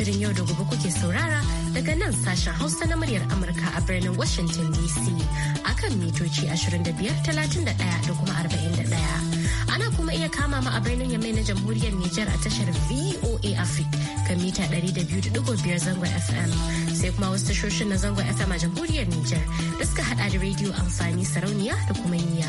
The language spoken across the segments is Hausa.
Shirin yau da gobe kuke saurara daga nan sashen Hausa na muryar Amurka a birnin Washington DC akan mitoci 25,31 da kuma 41. Ana kuma iya kama ma a birnin Yamai na Jamhuriyar Nijar a tashar VOA Africa kan mita 200.5 zangon FM. Sai kuma wasu tashoshin na zangon FM a Jamhuriyar Nijar da suka hada da rediyo amfani sarauniya da kuma niya.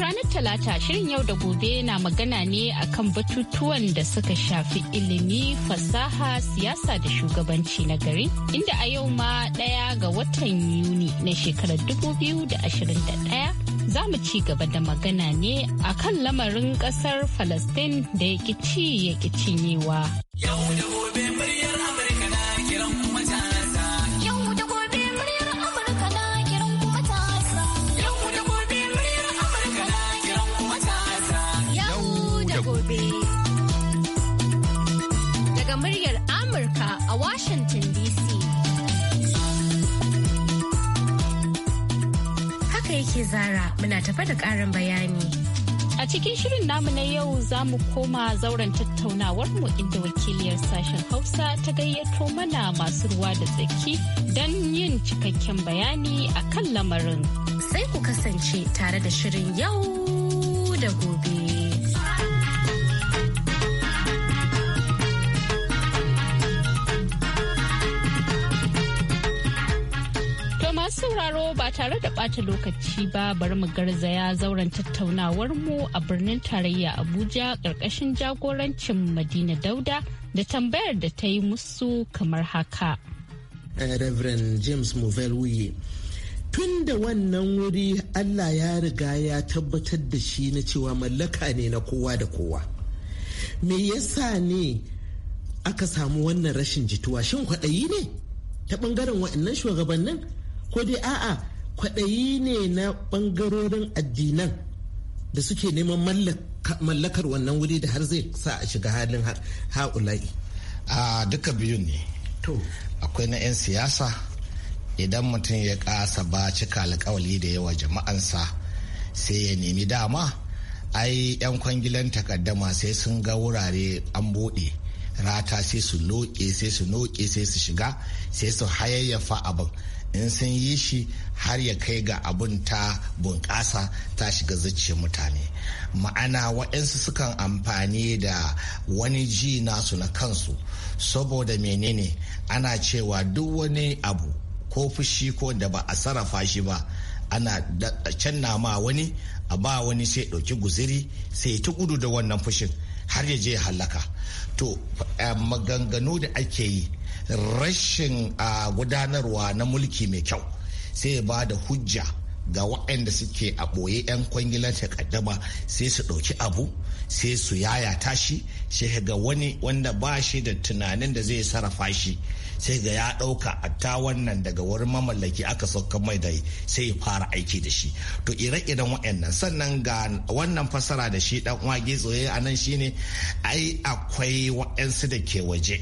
ranar Talata shirin yau da gobe na magana ne akan batutuwan da suka shafi ilimi, fasaha, siyasa da shugabanci na gari. Inda a yau ma ɗaya ga watan Yuni na shekarar 2021 za mu ci gaba da magana ne a kan lamarin ƙasar Falastin da ya ci ya cinyewa. Yau da gobe. Haka yake zara muna tafa da ƙarin bayani. A cikin shirin namu na yau za mu koma zauren tattaunawar mu inda wakiliyar sashen Hausa ta gayyato mana masu ruwa da tsaki don yin cikakken bayani a kan lamarin. Sai ku kasance tare da shirin yau da gobe. sauraro ba tare da ɓata lokaci ba bari mu garzaya zauren tattaunawar mu a birnin tarayya Abuja ƙarƙashin jagorancin Madina Dauda da tambayar da ta yi musu kamar haka. Eh, Reverend James Movell Wuye. Tun da wannan wuri Allah ya riga ya tabbatar da shi na cewa mallaka ne na kowa da kowa. Me yasa ne aka samu wannan rashin jituwa shin kwaɗayi ne ta ɓangaren waɗannan shugabannin ko dai a'a kwaɗayi ne na ɓangarorin addinan da suke neman mallakar wannan wuri da har zai sa a shiga halin ha'ula'i a duka biyu ne to akwai na 'yan siyasa idan mutum ya ƙasa ba cika alkawali da yawa jama'ansa sai ya nemi dama ai 'yan kwangilan takaddama sai sun ga wurare an buɗe rata sai su loƙe sai su noƙe sai su shiga sai su hayayyafa abin in sun yi shi har ya kai ga abun ta bunƙasa ta shiga zuciyar mutane ma'ana waɗansu sukan amfani da wani ji nasu na kansu saboda menene ana cewa duk wani abu ko fushi ko da ba a sarrafa shi ba ana canna ma wani a ba wani sai ɗauki guziri sai ta gudu da wannan fushin har ya je halaka to eh, maganganu da ake yi rashin a gudanarwa na mulki mai kyau sai ya ba da hujja ga waɗanda suke a ɓoye 'yan kwangilar takaddama sai su ɗauki abu sai su yaya tashi sai ga wani wanda ba shi da tunanin da zai sarrafa shi sai ga ya ɗauka a ta wannan daga wurin mamallaki aka sauka mai da sai ya fara aiki da shi to ire-iren waɗannan sannan ga wannan fasara da shi ɗan wage tsoye a nan shine ai akwai waɗansu da ke waje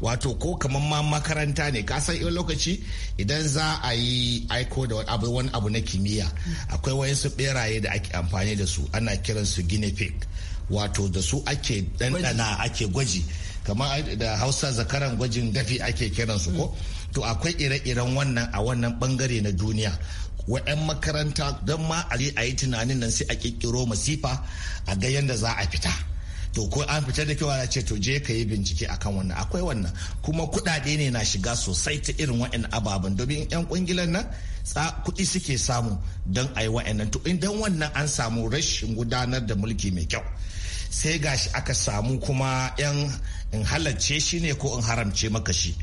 wato ko kamar ma makaranta ne ka san lokaci idan za a yi aiko da wani abu na kimiyya akwai su beraye da ake amfani da su ana kiran su guinea pig wato da su ake dandana ake gwaji kamar da hausa zakaran gwajin dafi ake kiran su ko mm. to akwai ire-iren wannan a wannan bangare na duniya wa'yan makaranta don ma a yi tunanin nan sai a kirkiro masifa a ga yadda za a fita to ko an fitar da kewa ce to je ka yi bincike akan wannan akwai wannan kuma kuɗaɗe ne na shiga sosai ta irin wa'in ababen domin 'yan kungilan nan kuɗi suke samu don a yi wa'in to idan wannan an samu rashin gudanar da mulki mai kyau sai gashi aka samu kuma 'yan in halarce shi ne ko in haramce maka shi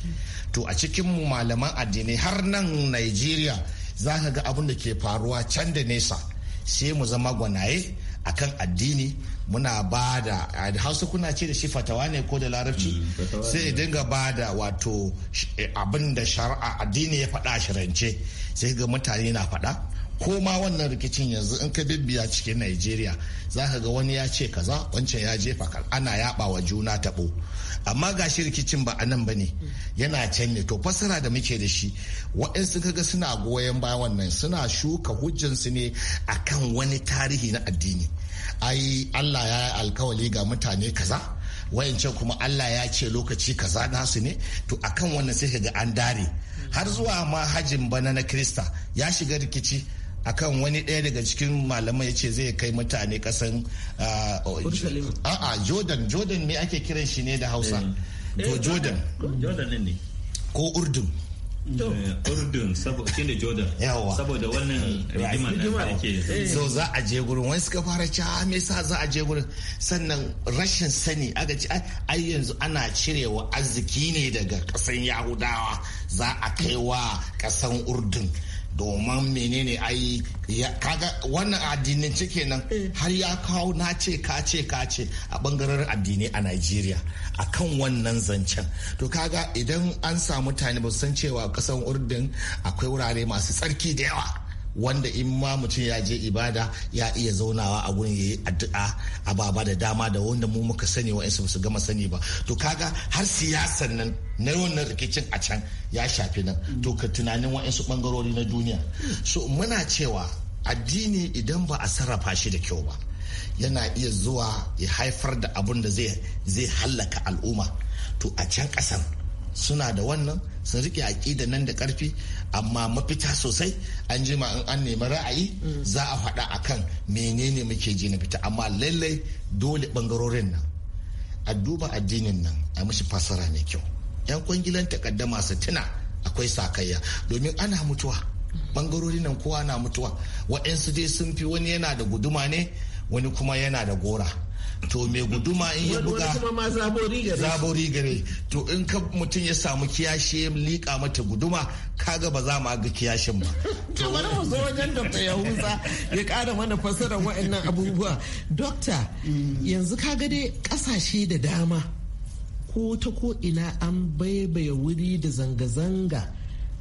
to a cikin malaman addinai har nan Nigeria za ka ga abun da ke faruwa can da nesa sai mu zama gwanaye akan addini muna ba da hausa kuna ce da shi fatawa ne ko da larabci mm, sai ya dinga ba da wato eh, abin da shari'a addini ya faɗa shirance sai ga mutane na faɗa ko ma wannan rikicin yanzu in ka bibiya cikin Najeriya za ka ga wani ya ce kaza wancan ya jefa kar ana yaba wa juna tabo amma ga shi rikicin ba anan ba ne yana can ne to fasara da muke da shi waɗansu kaga suna goyon bayan wannan suna shuka hujjansu ne akan wani tarihi na addini ai Allah ya yi alkawali ga mutane kaza wayancan kuma Allah ya ce lokaci kaza nasu ne to akan wannan sai ka ga an dare har zuwa ma hajin bana na Krista ya shiga rikici akan wani ɗaya daga cikin malamai ya ce zai kai mutane kasan uh, a'a jordan jordan me ake kiran shi ne da hausa eh. to eh, jordan jordan ne ko urdun eh, urdun shine jordan yawa saboda wannan rigimar da ake so za a je gurin wani suka fara ca ah, me sa za a je gurin sannan rashin sani aga ci ai yanzu ana cirewa arziki ne daga kasan yahudawa za a kai wa kasan urdun domin menene ai kaga wannan addinin kenan eh. har ya kawo na ce ka ce ka ce a bangaren addini a Najeriya a kan wannan zancen to kaga idan an samu mutane ba san cewa kasan urdun akwai wurare masu tsarki da yawa wanda in ma mutum ya je ibada ya iya zaunawa a gurin yayi addu'a a baba da dama da wanda mu muka sani wa'ansu ba su gama sani ba to kaga har siyasan nan na wannan rikicin a can ya shafi nan to ka tunanin wa'ansu bangarori na duniya so muna cewa addini idan ba a sarrafa shi da kyau ba yana iya zuwa ya haifar da abun da zai hallaka al'umma to a can kasan suna da wannan sun rike aƙida nan da ƙarfi amma mafita sosai an jima in an nemi ra'ayi za a faɗa a kan menene muke ji na fita amma lallai dole ɓangarorin nan a duba addinin nan a mishi fasara mai kyau yan kwangilan takaddama su tuna akwai sakayya domin ana mutuwa ɓangarorin nan kowa na mutuwa waɗansu dai sun fi wani yana da guduma ne wani kuma yana da gora to mai guduma in ya buga zabori gare to in ka mutum ya samu kiyashe liƙa mata guduma kaga ba za mu ga kiyashin ba to bari mu zo wajen Dr. Yahuza ya ƙara mana fasara waɗannan abubuwa Dokta yanzu kaga dai kasashe da dama ko ta ko ina an baibaya wuri da zanga-zanga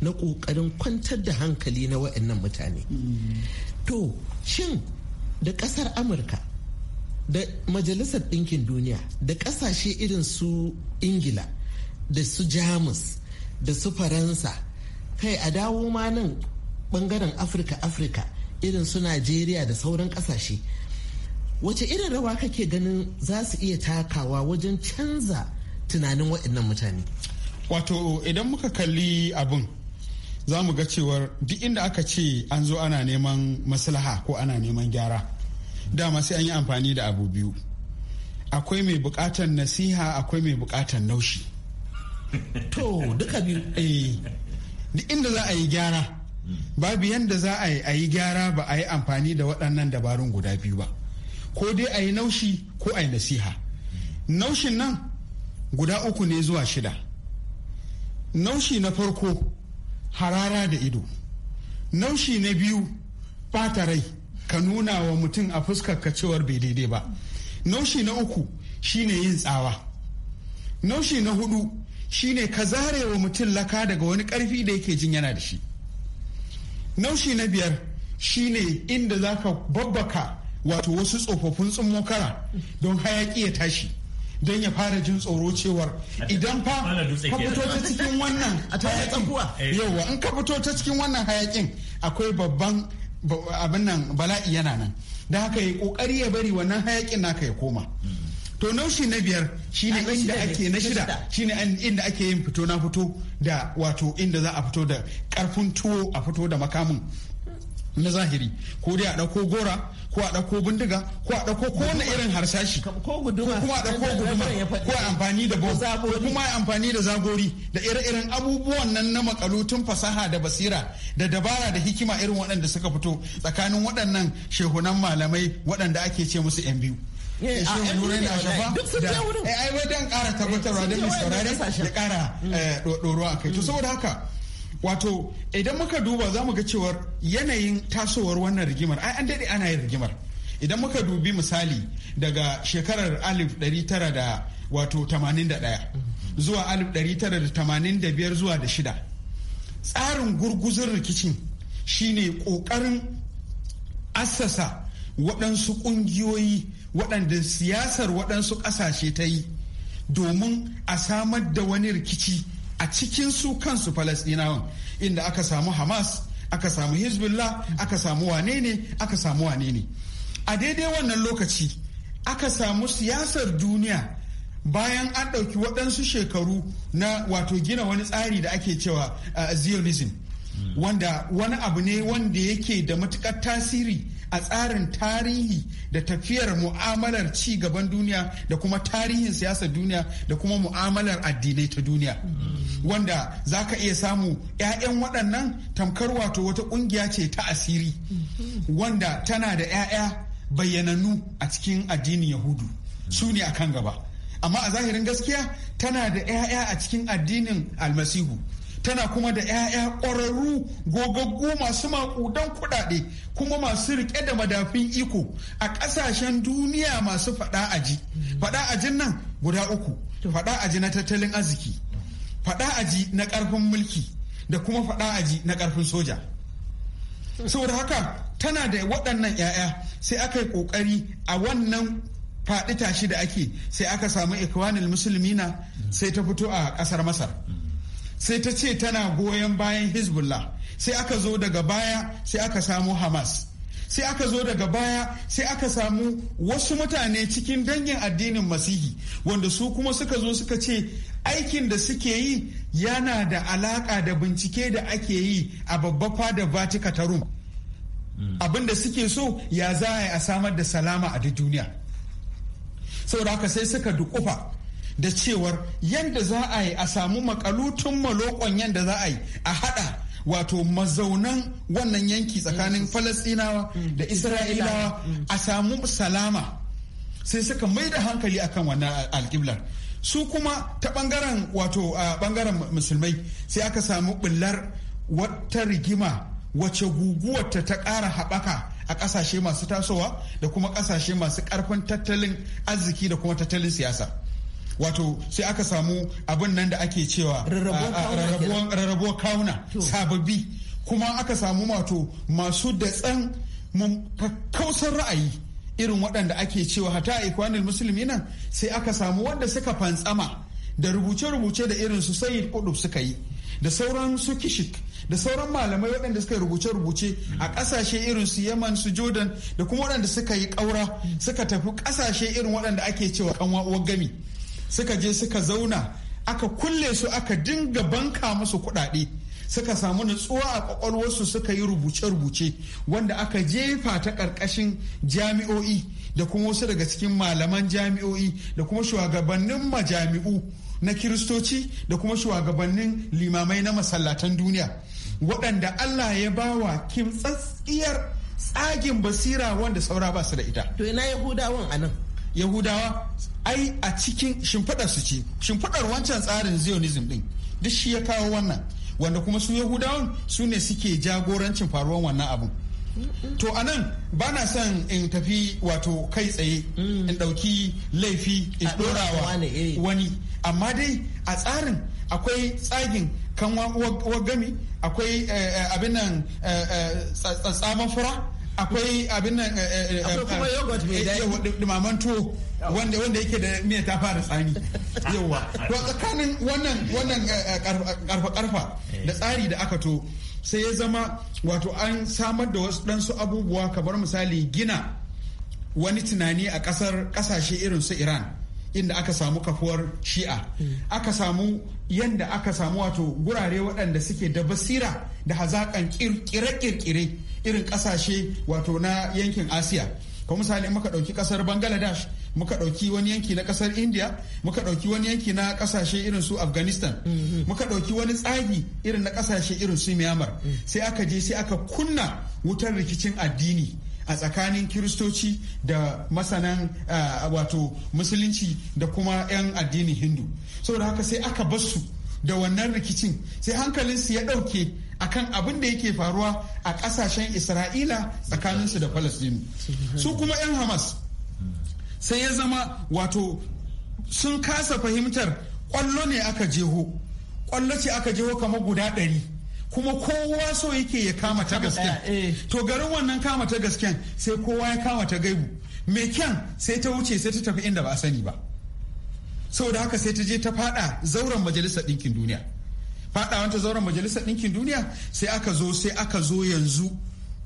na ƙoƙarin kwantar da hankali na waɗannan mutane mm. to shin da ƙasar Amurka da majalisar ɗinkin duniya da ƙasashe irin su ingila da su jamus da su faransa kai a dawo ma nan bangaren afirka afirka irin su najeriya da sauran ƙasashe wace irin rawa kake ganin za su iya takawa wajen canza tunanin waɗannan mutane wato idan muka kalli abin za mu ga cewar duk inda aka ce an zo ana neman maslaha ko ana neman gyara dama sai an yi amfani da abu biyu akwai mai bukatan nasiha akwai mai bukatan naushi to duka biyu eh duk inda za a yi gyara babu yadda za a yi gyara ba a yi amfani da waɗannan dabarun guda biyu ba ko dai a yi naushi ko a yi nasiha naushin nan guda uku ne zuwa shida naushi na farko harara da ido naushi na biyu fata rai ka nuna wa mutum a fuskar ka cewar bai daidai ba naushi na uku shine yin tsawa naushi na hudu shine ka zare wa mutum laka daga wani karfi da yake jin yana da shi naushi na biyar shine inda za ka babbaka wato wasu tsofaffin tsummokara don hayaki ya tashi don ya fara jin tsoro cewar idan fa ka fito ta cikin wannan hayakin yawa in ka fito ta cikin wannan hayakin akwai babban abin nan bala'i yana nan da haka ya kokari ya bari wannan hayakin naka ya koma to naushi na biyar shine inda ake na shida shine inda ake yin fito na fito da wato inda za a fito da karfin tuwo a fito da makamin na zahiri ko dai a ɗauko gora ko a ɗauko bindiga ko a ɗauko ko wani irin harsashi ko a ɗauko guduma ko a amfani da bau ko kuma a amfani da zagori da ire-iren abubuwan nan na makalutun fasaha da basira da dabara da hikima irin waɗanda suka fito tsakanin waɗannan shehunan malamai waɗanda ake ce musu 'yan biyu. Eh, eh, eh, ai bai dan ƙara tabbatarwa don mai da ƙara ɗoro a kai. To mm. saboda haka wato idan muka duba za mu ga cewar yanayin tasowar wannan rigimar ai an daɗe ana yin rigimar idan muka dubi misali daga shekarar alif ɗari tara da wato tamanin da ɗaya zuwa alif ɗari tara da tamanin da biyar zuwa da shida tsarin gurguzun rikicin shine ƙoƙarin assasa waɗansu ƙungiyoyi waɗanda siyasar waɗansu ƙasashe ta yi domin a samar da wani rikici a cikin su kansu falasɗinawan inda aka samu hamas aka samu hezbollah aka samu wane ne aka samu wane ne a daidai wannan lokaci aka samu siyasar duniya bayan an ɗauki waɗansu shekaru na wato gina wani tsari da ake cewa uh, zionism hmm. wanda wani abu ne wanda yake da matuƙar tasiri a tsarin tarihi da tafiyar mu'amalar ci gaban duniya da kuma tarihin siyasar duniya da kuma mu'amalar addinai ta duniya wanda za ka iya samu 'ya'yan waɗannan tamkar wato wata ƙungiya ce ta asiri wanda tana da 'ya'ya bayyananu a cikin addinin yahudu su ne a kan gaba amma a zahirin gaskiya tana da 'ya'ya a cikin addinin almasihu tana kuma da 'ya'ya ƙwararru gogaggu masu maƙudan kuɗaɗe kuma masu riƙe da madafin iko a ƙasashen duniya masu faɗa aji faɗa ajin nan guda uku faɗa aji na tattalin arziki faɗa aji na ƙarfin mulki da kuma faɗa aji na ƙarfin soja saboda haka tana da waɗannan 'ya'ya sai aka yi ƙoƙari a wannan faɗi tashi da ake sai aka samu musulmi na sai ta fito a ƙasar masar sai ta ce tana goyon bayan hezbollah sai aka zo daga baya sai aka samu hamas sai aka zo daga baya sai aka samu wasu mutane cikin dangin addinin masihi wanda su kuma suka zo suka ce aikin da suke yi yana da alaka da bincike da ake yi a babba fada Vatican ta rum hmm. abin da suke so ya za a samar da salama a duk duniya da haka sai suka dukufa da cewar yadda za a yi a samu makalutun malokon yadda za a yi a hada wato mazaunan wannan yanki tsakanin mm. falasinawa mm. da isra'ilawa mm. a samu salama sai suka mai da hankali akan wannan alkiblar su kuma ta bangaren wato bangaren musulmai sai aka samu bullar wata rigima wace guguwarta ta ƙara haɓaka a ƙasashe masu tasowa da kuma ƙasashe masu ƙarfin tattalin arziki da kuma tattalin siyasa wato sai aka samu abin nan da ake cewa rarrabuwar kawuna sababbi kuma aka samu wato masu da tsan kakkausar ra'ayi irin waɗanda ake cewa hata a ikwanin musulmi nan sai aka samu wanda suka fantsama da rubuce-rubuce da irin su sai kudub suka yi da sauran su kishik da sauran malamai waɗanda suka yi rubuce-rubuce a ƙasashe irin su yaman su jordan da kuma waɗanda suka yi ƙaura suka tafi ƙasashe irin waɗanda ake cewa kanwa uwar gami suka je suka zauna aka kulle su aka dinga banka musu kuɗaɗe suka samu nutsuwa a kwakwalwarsu suka yi rubuce-rubuce wanda aka jefa ta ƙarƙashin jami'o'i da kuma wasu daga cikin malaman jami'o'i da kuma shugabannin majami'u na kiristoci da kuma shugabannin limamai na masallatan duniya waɗanda allah ya bawa kimtsatsiyar tsagin basira wanda saura ba su da ita to ina yahudawan anan yahudawa ai a cikin shimfiɗar su ce shimfiɗar wancan tsarin zionism din duk shi ya kawo wannan wanda kuma su yahudawan su ne suke jagorancin faruwan wannan abu to a nan ba na son in tafi wato kai tsaye mm. in ɗauki laifi in ɗorawa wani amma dai a tsarin akwai tsagin kan wagami akwai eh, eh, abin nan eh, tsatsaman fura akwai abin nan eh, eh, eh, kuma yogurt mai yau tuwo wanda wanda yake da miya ta fara tsani yauwa to tsakanin wannan wannan karfa karfa da tsari da aka to sai ya zama wato an samar da wasu ɗansu abubuwa kamar misali gina wani tunani a ƙasar ƙasashe irin su iran inda aka samu kafuwar shi'a aka samu yanda aka samu wato gurare waɗanda suke da basira da hazaƙan kirkire-kirkire ƙirƙire irin kasashe wato na yankin asiya ka misali muka ɗauki ƙasar bangladesh muka ɗauki wani yanki na ƙasar india muka ɗauki wani yanki na ƙasashe irin su afghanistan mm-hmm. muka ɗauki wani tsagi irin na ƙasashe irin su myanmar mm. sai aka je sai aka kunna wutar rikicin addini a tsakanin kiristoci da masanan ah, wato musulunci da kuma 'yan addinin hindu saboda haka sai aka basu da wannan rikicin sai hankalinsu ya ɗauke akan abin da yake faruwa a kasashen isra'ila tsakaninsu da palestine su kuma 'yan hamas sai ya zama wato sun kasa fahimtar kwallo ne aka jeho kwallo ce aka jeho kamar guda ɗari kuma kowa so yake ya kama ta gasken eh. to garin wannan kama ta gasken sai kowa ya kama ta gaibu mai kyan sai ta wuce sai ta tafi inda ba a sani ba saboda haka sai ta je ta faɗa zauren majalisar ɗinkin duniya faɗawan ta zauren majalisar ɗinkin duniya sai aka zo sai aka zo yanzu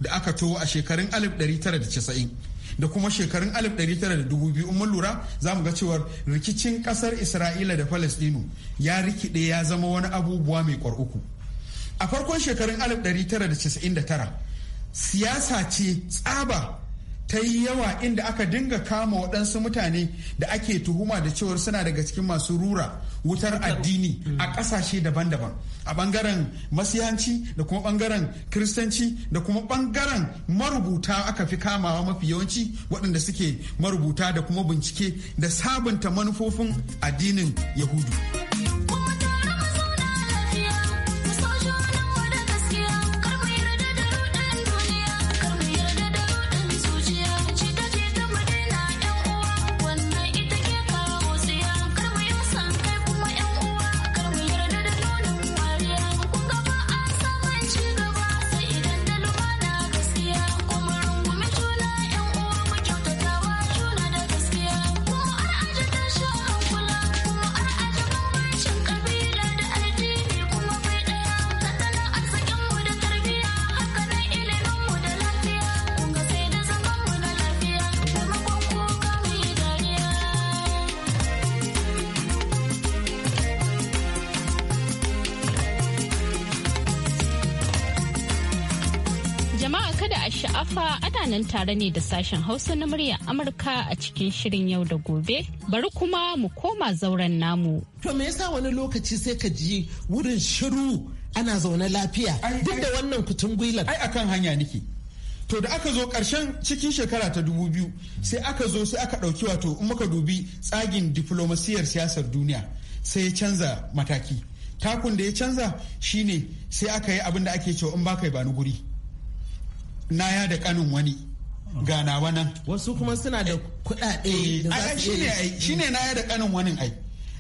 da aka towo a shekarun 1990 da kuma shekarun 1902 in mun lura za mu ga cewar rikicin ƙasar isra'ila da palestinu ya rikide ya zama wani abubuwa mai kwar a farkon shekarun 1999 siyasa ce tsaba ta yi yawa inda aka dinga kama waɗansu mutane da ake tuhuma da cewar suna daga cikin masu rura wutar addini mm. a ƙasashe daban-daban a ɓangaren masiyanci da kuma ɓangaren kiristanci da kuma ɓangaren marubuta aka fi kamawa mafi yawanci waɗanda suke marubuta da kuma bincike da sabunta manufofin addinin yahudu. kada a sha'afa ana nan tare ne da sashen hausa na murya amurka a cikin shirin yau da gobe bari kuma mu koma zauren namu to me yasa wani lokaci sai ka ji wurin shiru ana zaune lafiya duk da wannan kutun gwilar ai akan hanya niki to da aka zo karshen cikin shekara ta dubu biyu sai aka zo sai aka ɗauki wato in muka dubi tsagin diflomasiyar siyasar duniya sai ya canza mataki takun da ya canza shine sai aka yi abin da ake cewa in baka ba ni guri naya da kanin wani ganawa nan wasu kuma suna da kuɗaɗe eh, shine naya da kanin wani ai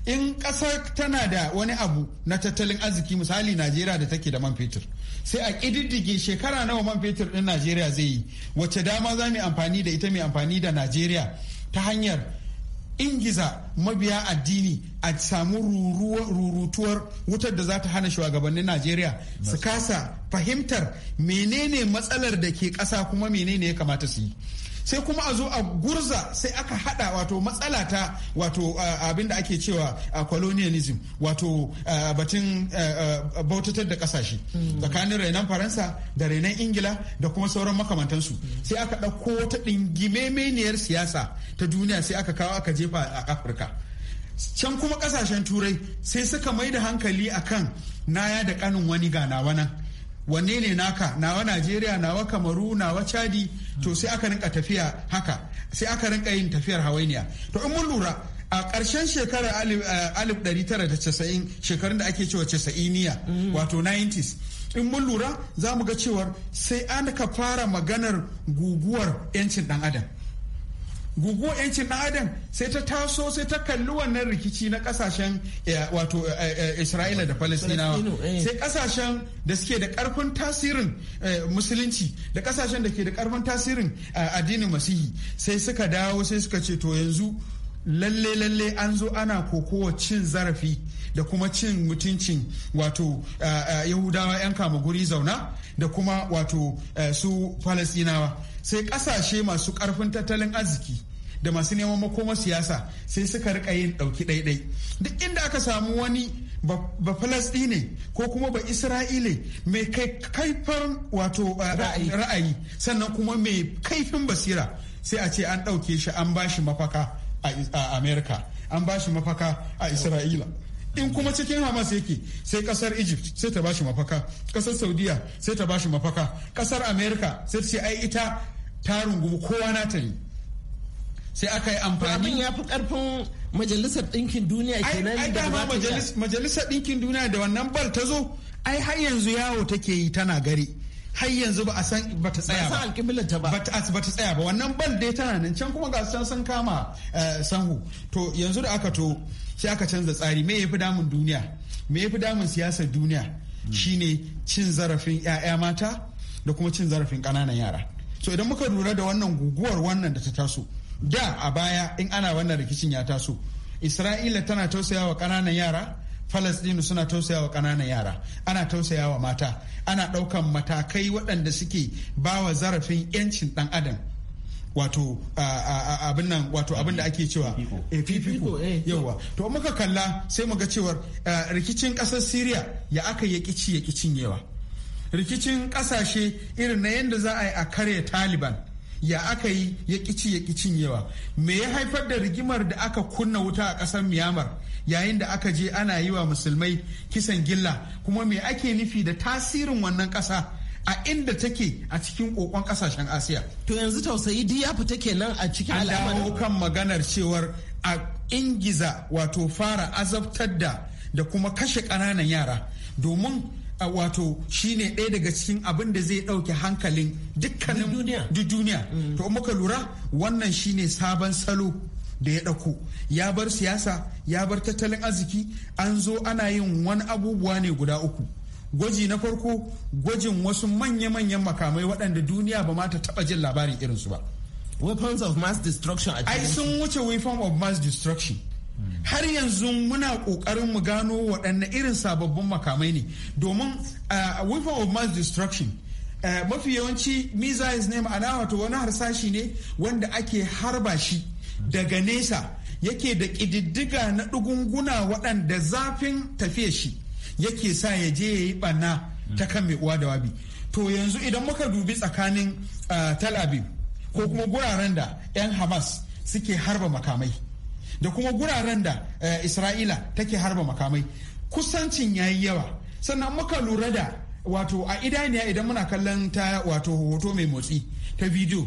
in ƙasar tana da wani abu na tattalin arziki misali najeriya da take da man fetur sai a ƙididdige shekara nawa man fetur ɗin najeriya zai yi wacce dama za mu amfani da ita mai amfani da najeriya ta hanyar ingiza mabiya addini a samu rurutuwar wutar da za ta hana shugabannin najeriya su kasa fahimtar menene matsalar da ke kasa kuma menene ya kamata su yi sai kuma a zo a gurza sai aka hada wato matsala ta wato abin da ake cewa a colonialism wato batun bautatar da kasashe tsakanin renan faransa da renan ingila da kuma sauran makamantansu sai aka ɗauko wata ɗingimemeniyar siyasa ta duniya sai aka kawo aka jefa a afirka can kuma kasashen turai sai suka mai da hankali akan naya da kanin wani na wannan wanne ne naka nawa najeriya nawa kamaru nawa chadi to sai aka rinka tafiya haka sai aka rinka yin tafiyar hawainiya to in mun lura a ƙarshen shekarar 1990 eh, shekarun da ake cewa casa'iniya mm. wato 90s in mun lura za mu ga cewar sai an ka fara maganar guguwar 'yancin ɗan adam guguwar 'yancin na adam sai ta taso sai ta kalli wannan rikici na kasashen eh, wato eh, eh, isra'ila da palestinawa sai kasashen da suke da karfin tasirin musulunci da kasashen da ke da karfin tasirin addinin masihi sai suka dawo sai suka ce to yanzu lalle lalle an zo ana kokowa cin zarafi da kuma cin mutuncin wato yahudawa 'yan kama guri zauna da kuma wato su falasinawa sai kasashe masu karfin tattalin arziki da masu neman makoma siyasa sai suka rika yin dauki daidai duk inda aka samu wani ba falastine ko kuma ba isra'ile mai kai kaifar wato ra'ayi sannan kuma mai kaifin basira sai a ce an ɗauke shi an bashi mafaka a amerika an bashi mafaka a isra'ila in kuma cikin hamas yake sai kasar egypt sai ta bashi mafaka kasar saudiya sai ta bashi mafaka kasar america sai ta ce ai ita ta rungumi kowa na ta ne sai aka yi amfani abin ya fi karfin majalisar ɗinkin duniya kenan da dama majalisar ɗinkin duniya da wannan bal ta zo ai har yanzu yawo take yi tana gari har yanzu ba a san ba ta tsaya ba. alƙiblar ta ba. Ba ta tsaya ba wannan ban dai tana nan can kuma ga san sun kama eh, sanhu. To yanzu da aka to sai aka canza tsari me yafi damun duniya me yafi damun siyasar duniya hmm. shine cin zarafin 'ya'ya mata da kuma cin zarafin kananan yara. So idan muka lura da wannan guguwar wannan da ta taso da a baya in ana wannan rikicin ya taso Isra'ila tana tausayawa ƙananan yara Falasɗinu suna tausayawa ƙananan yara, ana tausayawa mata, ana ɗaukan matakai waɗanda suke bawa zarafin 'yancin ɗan adam. wato abin nan wato abin da ake cewa fifiko eh, eh, yawa to muka kalla sai muga cewar eh, rikicin ƙasar syria ya aka yi kici ya kicin yawa rikicin ƙasashe irin na yadda za a yi a kare taliban ya aka yi ya kici ya kicin yawa me ya haifar da rigimar da aka kunna wuta a kasar myanmar yayin da aka je ana yi wa musulmai kisan gilla kuma me ake nufi da tasirin wannan kasa a inda take a cikin kokon kasashen asiya to yanzu tausayi diya ya fita kenan a cikin al'amarin kan maganar cewar a ingiza wato fara azabtar da da kuma kashe ƙananan yara domin wato shine ɗaya daga cikin abin da zai ɗauke hankalin dukkanin duniya mm. to muka lura wannan shine sabon salo da ya ɗauko ya bar siyasa ya bar tattalin arziki an zo ana yin wani abubuwa ne guda uku gwaji na farko gwajin wasu manya-manyan makamai waɗanda duniya ba ma ta taɓa jin labarin irinsu ba weapons of mass destruction ai sun wuce weapon of mass destruction har yanzu muna kokarin mu gano waɗanne irin sababbin makamai ne domin uh, weapon of mass destruction uh, mafi yawanci missiles ne ma'ana wato wani harsashi ne wanda ake harba shi daga nesa yake da ƙididdiga na ɗugunguna waɗanda zafin tafiya shi yake sa ya je ya yi ɓanna ta kan mai uwa da wabi to yanzu idan muka dubi tsakanin uh, tel aviv ko kuma guraren da 'yan hamas suke harba makamai da kuma guraren da eh, isra'ila take harba makamai kusancin ya yi yawa sannan muka lura da wato a idaniya idan muna kallon ta wato hoto mai motsi ta bidiyo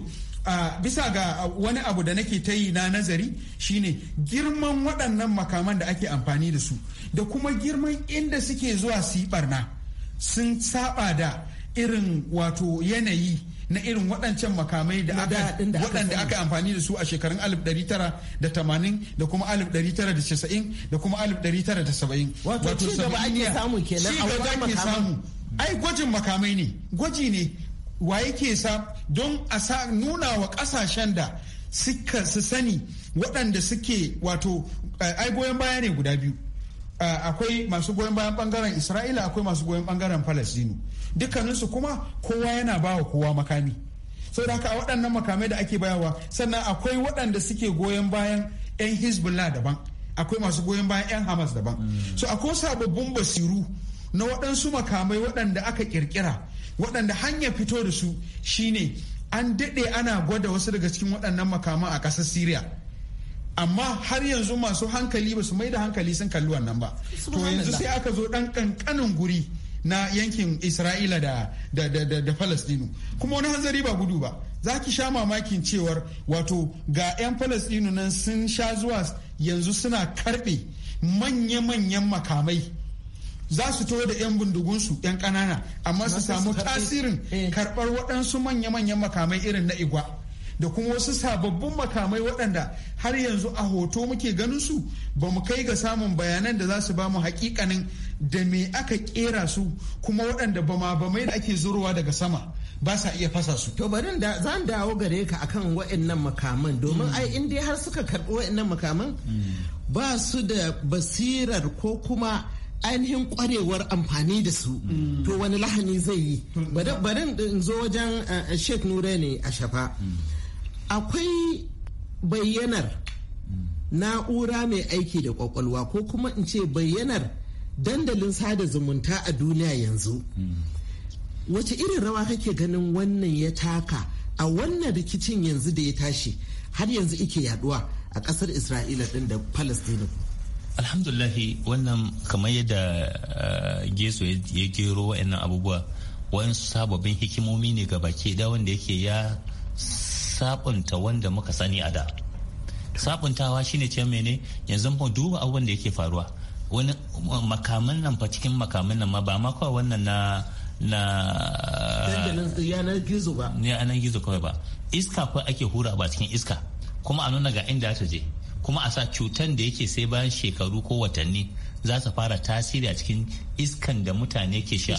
bisa ga wani abu da nake ta yi na nazari shine girman waɗannan makaman da ake amfani da su da kuma girman inda suke zuwa su yi sun saba da irin wato yanayi na irin waɗancan makamai da aka waɗanda aka amfani da su a shekarun 1980 da kuma 1990 da kuma 1970 wato ci gaba ake samu kenan a wajen samu ai gwajin makamai ne gwaji ne wa yake sa don a sa nuna wa kasashen da suka su sani waɗanda suke wato eh, ai goyon baya ne guda biyu Eh, akwai masu goyon bayan bangaren isra'ila akwai masu goyon bangaren palestinu dukkaninsu kuma kowa yana bawa kowa makami sau da haka a waɗannan makamai da ake bayawa sannan akwai waɗanda suke goyon bayan 'yan hezbollah daban akwai masu goyon bayan 'yan hamas daban mm. so akwai sababbin basiru na waɗansu makamai waɗanda aka ƙirƙira waɗanda hanya fito da su shine an daɗe ana gwada wasu daga cikin waɗannan makaman a ƙasar syria amma har yanzu masu hankali ba su mai da hankali sun kalli wannan ba to yanzu sai aka zo dan kankanin guri na yankin isra'ila da da da da, da falastinu kuma wani hanzari ba gudu ba za ki sha mamakin cewar wato ga 'yan falastinu nan sun sha zuwa yanzu suna karbe manya-manyan makamai za su to da 'yan bindigunsu 'yan ƙanana amma su samu tasirin eh. karɓar waɗansu manya-manyan makamai irin na igwa da kuma wasu sababbin makamai waɗanda har yanzu a hoto muke ganin su ba mu kai ga samun bayanan da za su ba mu hakikanin da me aka kera su kuma waɗanda ba ma ba mai da ake zurowa daga sama ba sa iya fasa su. To bari da zan dawo gare ka akan waɗannan makaman domin ai hmm. in dai har suka karɓi waɗannan makaman hmm. ba su da basirar ko kuma ainihin kwarewar amfani da su hmm. to wani lahani zai yi bari in zo wajen eh, sheikh nure ne a shafa akwai bayyanar na'ura mai aiki da kwakwalwa ko kuma in ce bayyanar dandalin sada zumunta a duniya yanzu wace irin rawa kake ganin wannan ya taka a wannan rikicin yanzu da ya tashi har yanzu ike yaduwa a kasar isra'ila din da palestina alhamdulahi wannan kamar yadda eh, geso ya gero wa'annan abubuwa wani sababbin hikimomi ne ga baki da wanda yake ya sabunta wanda muka sani a da sabuntawa shine ce mene yanzu mu duba abubuwan da yake faruwa wani makaman nan fa cikin makaman nan ma ba ma kawai wannan na na yanar gizo ba yanar gizo kawai ba iska kawai ake hura ba cikin iska kuma a nuna ga inda ta je kuma a sa cutan da yake sai bayan shekaru ko watanni za ta fara tasiri a cikin iskan da mutane ke sha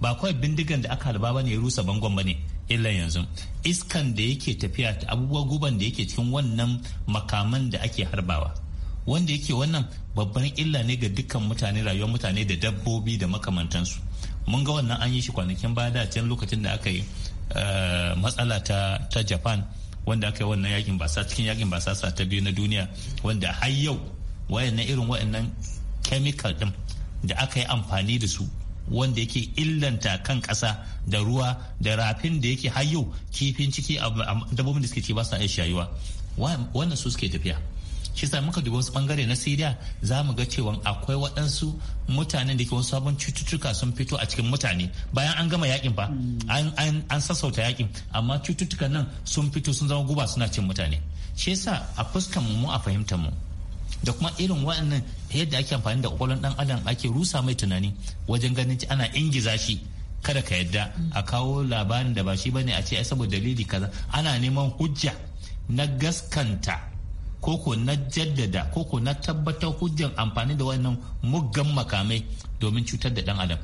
ba kawai bindigan da aka halba ba ne rusa bangon ba ne illa yanzu iskan da yake tafiya ta abubuwa guban da yake cikin wannan makaman da ake harbawa wanda yake wannan babban illa ne ga dukkan mutane rayuwar mutane da dabbobi da makamantansu mun ga wannan an yi shi kwanakin baya da can lokacin da aka yi eh, matsala ta japan wanda aka yi wannan yakin basa cikin yakin basasa ta biyu na duniya wanda har yau wayannan irin wayannan chemical din da aka yi amfani da su wanda yake illanta kan ƙasa da ruwa da rafin da yake hayo kifin ciki dabbobin da suke ci ba su iya shayuwa wannan su suke tafiya shi sa muka dubi wasu bangare na siriya za mu ga cewa akwai waɗansu mutanen da ke wasu sabon cututtuka sun fito a cikin mutane bayan an gama yakin fa an sassauta yakin amma cututtukan nan sun fito sun zama guba suna cin mutane shi yasa a fuskan mu a fahimtar mu da kuma irin waɗannan yadda ake amfani da kwakwalwar dan adam ake rusa mai tunani wajen ganin ci ana ingiza shi kada ka yadda a kawo labarin da ba shi bane a ce ai saboda dalili kaza ana neman hujja na gaskanta koko na jaddada koko na tabbatar hujjan amfani da wannan muggan makamai domin cutar da dan adam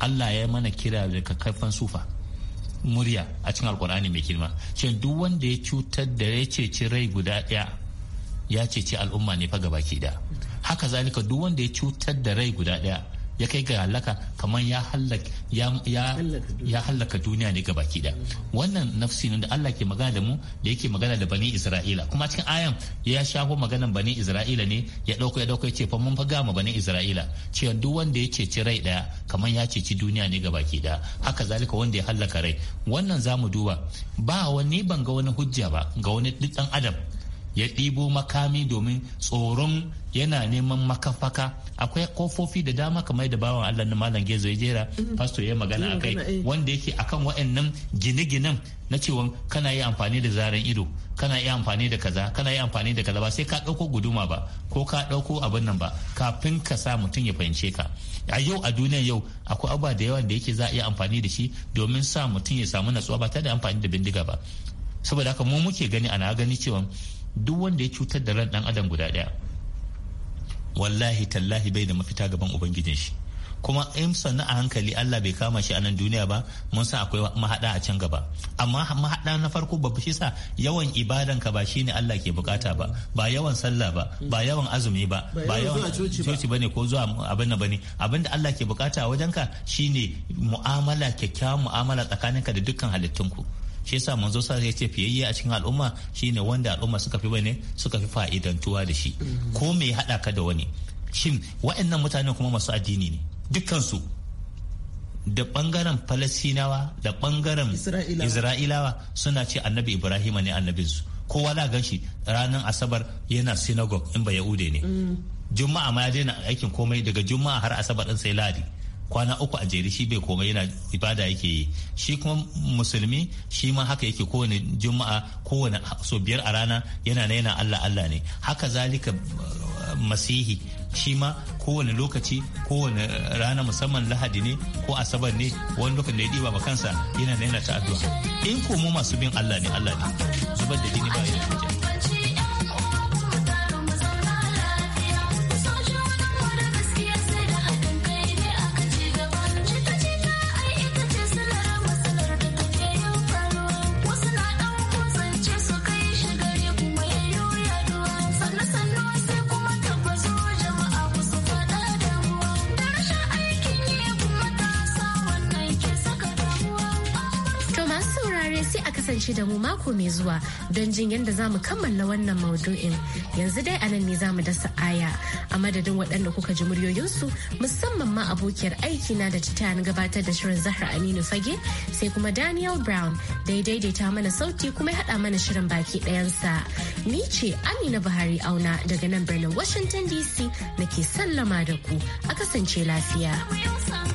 Allah ya mana kira da kakkafan sufa murya a cikin alkur'ani mai girma shin duk wanda ya cutar da ya ceci rai guda ɗaya ya ceci al'umma ne fa gabaki da haka zalika duk wanda ya cutar da rai guda daya ya kai ga halaka kamar ya hallaka duniya ne ke da wannan nafsi da Allah ke magana da mu da yake magana da bani Isra'ila kuma cikin ayan ya shafo maganan bani Isra'ila ne ya dauko ya dauko ya ce fa mun fa gama bani Isra'ila cewa duk wanda ya ceci rai daya kamar ya ceci duniya ne ke da haka zalika wanda ya hallaka rai wannan zamu duba ba wani ban ga wani hujja ba ga wani dan adam ya ɗibo makami domin tsoron yana neman makafaka akwai kofofi da dama kamar da bawan Allah na Malam Gezo ya jera mhm. pastor ya magana a kai eh. wanda yake akan waɗannan gine-ginen na cewa kana yi amfani da zaren ido kana yi amfani da kaza kana yi amfani da kaza ba sai ka ɗauko guduma ba ko ka ɗauko abin nan ba kafin ka sa mutum ya fahimce ka a yau a duniyar yau akwai abubuwa da yawa da yake za a iya amfani da shi domin sa mutum ya samu natsuwa ba tare da amfani da bindiga ba saboda haka mu muke gani ana gani cewa duk wanda ya cutar da ran dan adam guda daya wallahi tallahi bai da mafita gaban ubangijin shi kuma in sannu a hankali Allah bai kama shi a nan duniya ba mun san akwai mahada a can gaba amma mahada na farko ba shi sa yawan ibadan ka ba shine Allah ke bukata ba ba yawan sallah ba ba yawan azumi ba ba yawan coci bane ko zuwa abin nan bane abinda Allah ke bukata a wajen ka shine mu'amala kyakkyawan mu'amala tsakaninka da dukkan halittun ku shi yasa manzo sa ya ce fiyayye a cikin al'umma shine wanda al'umma suka fi bane suka fi fa'idantuwa da shi ko me ya hada ka da wani shin wa'annan mutane kuma masu addini ne dukkansu da bangaren falasinawa da bangaren isra'ilawa suna ce annabi ibrahima ne annabinsu kowa da ganshi ranar asabar yana synagogue in ba yahude ne mm. juma'a ma ya daina aikin komai daga juma'a har asabar din sai ladi kwana uku a jere shi bai komai yana ibada yake yi shi kuma musulmi shi ma haka yake kowane juma'a kowane so biyar a rana yana na yana allah allah ne haka zalika uh, masihi shi ma kowane lokaci kowane rana musamman lahadi ne ko asabar ne wani lokacin da ya ɗiba ba kansa yana na yana ta in ko mu masu bin allah ne allah ne zubar da jini ba ya kasance da mu mako mai zuwa don jin yadda za mu kammala wannan maudu'in. Yanzu dai anan ne za mu dasa aya a madadin waɗanda kuka ji muryoyinsu musamman ma abokiyar aiki na da ta gabatar da shirin Zahra Aminu Fage sai kuma Daniel Brown da ya daidaita mana sauti kuma ya haɗa mana shirin baki ɗayansa. Ni ce Amina Buhari Auna daga nan birnin Washington DC na ke sallama da ku a kasance lafiya.